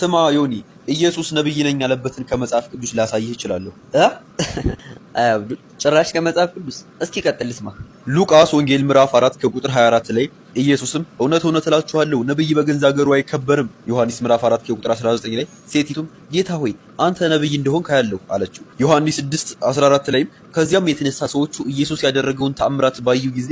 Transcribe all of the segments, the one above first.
ስማ ዮኒ ኢየሱስ ነብይ ነኝ ያለበትን ከመጽሐፍ ቅዱስ ላሳይህ እችላለሁ። ጭራሽ ከመጽሐፍ ቅዱስ? እስኪ ቀጥል ልስማ። ሉቃስ ወንጌል ምዕራፍ 4 ከቁጥር 24 ላይ ኢየሱስም እውነት እውነት እላችኋለሁ ነብይ በገንዛ አገሩ አይከበርም። ዮሐንስ ምዕራፍ 4 ከቁጥር 19 ላይ ሴቲቱም ጌታ ሆይ አንተ ነብይ እንደሆን ካያለሁ አለችው። ዮሐንስ 6 14 ላይም ከዚያም የተነሳ ሰዎቹ ኢየሱስ ያደረገውን ተአምራት ባዩ ጊዜ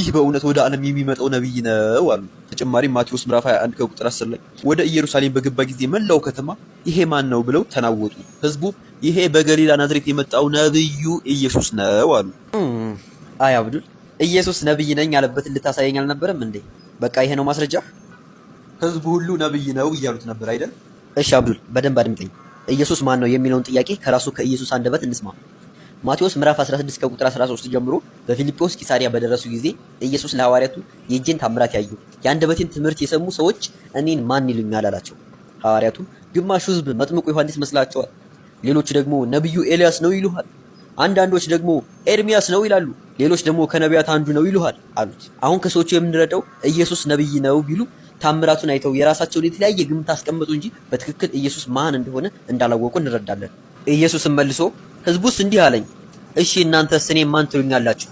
ይህ በእውነት ወደ ዓለም የሚመጣው ነብይ ነው አሉ። ተጨማሪ ማቴዎስ ምዕራፍ 21 ከቁጥር 10 ላይ ወደ ኢየሩሳሌም በገባ ጊዜ መላው ከተማ ይሄ ማን ነው ብለው ተናወጡ። ህዝቡ ይሄ በገሊላ ናዝሬት የመጣው ነብዩ ኢየሱስ ነው አሉ። አይ አብዱል ኢየሱስ ነብይ ነኝ ያለበትን ልታሳየኝ አልነበረም እንዴ? በቃ ይሄ ነው ማስረጃ። ህዝቡ ሁሉ ነብይ ነው እያሉት ነበር አይደል? እሺ አብዱል በደንብ አድምጠኝ። ኢየሱስ ማን ነው የሚለውን ጥያቄ ከራሱ ከኢየሱስ አንደበት እንስማ። ማቴዎስ ምዕራፍ 16 ከቁጥር 13 ጀምሮ በፊልጵዎስ ቂሳሪያ በደረሱ ጊዜ ኢየሱስ ለሐዋርያቱ የእጄን ታምራት ያዩ የአንደበቴን ትምህርት የሰሙ ሰዎች እኔን ማን ይሉኛል አላቸው። ሐዋርያቱም ግማሹ ህዝብ መጥምቁ ዮሐንስ ይመስላቸዋል። ሌሎች ደግሞ ነቢዩ ኤልያስ ነው ይሉሃል። አንዳንዶች ደግሞ ኤርሚያስ ነው ይላሉ። ሌሎች ደግሞ ከነቢያት አንዱ ነው ይሉሃል አሉት። አሁን ከሰዎቹ የምንረዳው ኢየሱስ ነቢይ ነው ቢሉ ታምራቱን አይተው የራሳቸውን የተለያየ ግምት አስቀመጡ እንጂ በትክክል ኢየሱስ ማን እንደሆነ እንዳላወቁ እንረዳለን። ኢየሱስም መልሶ ህዝቡስ እንዲህ አለኝ፣ እሺ እናንተስ እኔ ማን ትሉኛላችሁ?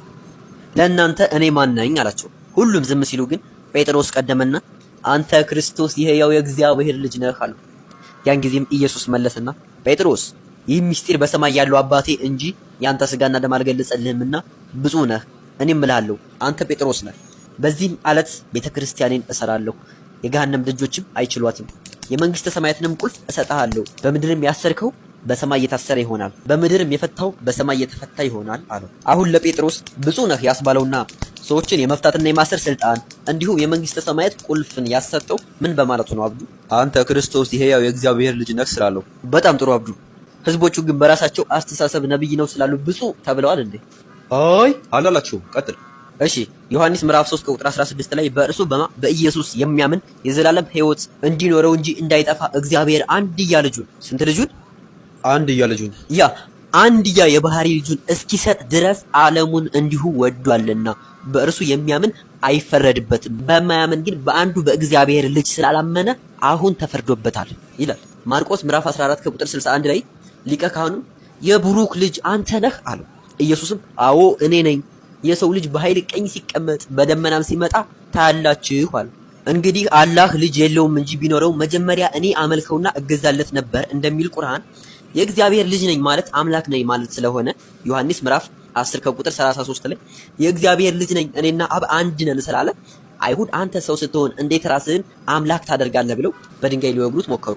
ለእናንተ እኔ ማን ነኝ አላቸው። ሁሉም ዝም ሲሉ ግን ጴጥሮስ ቀደመና አንተ ክርስቶስ የሕያው የእግዚአብሔር ልጅ ነህ አለው። ያን ጊዜም ኢየሱስ መለሰና ጴጥሮስ ይህ ምስጢር በሰማይ ያለው አባቴ እንጂ ያንተ ስጋና ደም አልገለጸልህምና ብፁ ነህ። እኔም እልሃለሁ አንተ ጴጥሮስ ነህ፣ በዚህም አለት ቤተ ክርስቲያኔን እሰራለሁ፣ የገሃነም ደጆችም አይችሏትም። የመንግስተ ሰማያትንም ቁልፍ እሰጥሃለሁ። በምድርም ያሰርከው በሰማይ የታሰረ ይሆናል፣ በምድርም የፈታው በሰማይ የተፈታ ይሆናል አለው። አሁን ለጴጥሮስ ብፁ ነህ ያስባለውና ሰዎችን የመፍታትና የማሰር ስልጣን እንዲሁም የመንግስተ ሰማያት ቁልፍን ያሰጠው ምን በማለቱ ነው? አብዱ አንተ ክርስቶስ የሕያው የእግዚአብሔር ልጅ ነህ ስላለው። በጣም ጥሩ አብዱ። ህዝቦቹ ግን በራሳቸው አስተሳሰብ ነብይ ነው ስላሉ ብፁዕ ተብለዋል እንዴ? አይ አላላችሁም። ቀጥል። እሺ ዮሐንስ ምዕራፍ 3 ቁጥር 16 ላይ በእርሱ በማ በኢየሱስ የሚያምን የዘላለም ህይወት እንዲኖረው እንጂ እንዳይጠፋ እግዚአብሔር አንድያ ልጁን ስንት ልጁን? አንድያ ልጁን ያ አንድያ የባህሪ ልጁን እስኪሰጥ ድረስ ዓለሙን እንዲሁ ወዷልና በእርሱ የሚያምን አይፈረድበትም። በማያምን ግን በአንዱ በእግዚአብሔር ልጅ ስላላመነ አሁን ተፈርዶበታል ይላል ማርቆስ ምዕራፍ 14 ከቁጥር 61 ላይ ሊቀ ካህኑ የብሩክ ልጅ አንተ ነህ አለው። ኢየሱስም አዎ እኔ ነኝ፣ የሰው ልጅ በኃይል ቀኝ ሲቀመጥ በደመናም ሲመጣ ታያላችሁ አለ። እንግዲህ አላህ ልጅ የለውም እንጂ ቢኖረው መጀመሪያ እኔ አመልከውና እገዛለት ነበር እንደሚል ቁርአን የእግዚአብሔር ልጅ ነኝ ማለት አምላክ ነኝ ማለት ስለሆነ ዮሐንስ ምዕራፍ 10 ከቁጥር 33 ላይ የእግዚአብሔር ልጅ ነኝ እኔና አብ አንድ ነን ስላለ አይሁድ አንተ ሰው ስትሆን እንዴት ራስህን አምላክ ታደርጋለህ ብለው በድንጋይ ሊወግሩት ሞከሩ።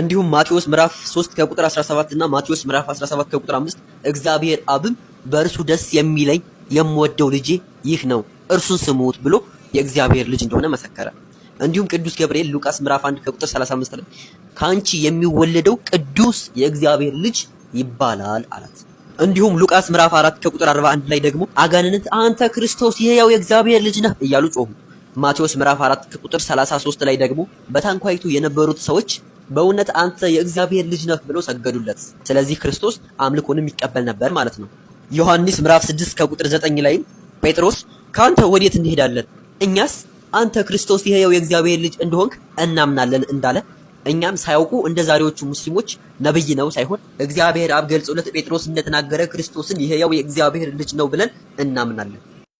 እንዲሁም ማቴዎስ ምዕራፍ 3 ከቁጥር 17 እና ማቴዎስ ምዕራፍ 17 ከቁጥር 5 እግዚአብሔር አብም በእርሱ ደስ የሚለኝ የምወደው ልጄ ይህ ነው እርሱን ስሙት ብሎ የእግዚአብሔር ልጅ እንደሆነ መሰከረ። እንዲሁም ቅዱስ ገብርኤል ሉቃስ ምዕራፍ 1 ከቁጥር 35 ላይ ከአንቺ የሚወለደው ቅዱስ የእግዚአብሔር ልጅ ይባላል አላት። እንዲሁም ሉቃስ ምዕራፍ 4 ከቁጥር 41 ላይ ደግሞ አጋንንት አንተ ክርስቶስ የሕያው የእግዚአብሔር ልጅ ነህ እያሉ ጮሁ። ማቴዎስ ምዕራፍ 4 ከቁጥር 33 ላይ ደግሞ በታንኳይቱ የነበሩት ሰዎች በእውነት አንተ የእግዚአብሔር ልጅ ነህ ብለው ሰገዱለት። ስለዚህ ክርስቶስ አምልኮንም ይቀበል ነበር ማለት ነው። ዮሐንስ ምዕራፍ 6 ከቁጥር 9 ላይ ጴጥሮስ ከአንተ ወዴት እንሄዳለን እኛስ አንተ ክርስቶስ የሕያው የእግዚአብሔር ልጅ እንደሆንክ እናምናለን እንዳለ እኛም ሳያውቁ እንደ ዛሬዎቹ ሙስሊሞች ነብይ ነው ሳይሆን እግዚአብሔር አብ ገልጾለት ጴጥሮስ እንደተናገረ ክርስቶስን የሕያው የእግዚአብሔር ልጅ ነው ብለን እናምናለን።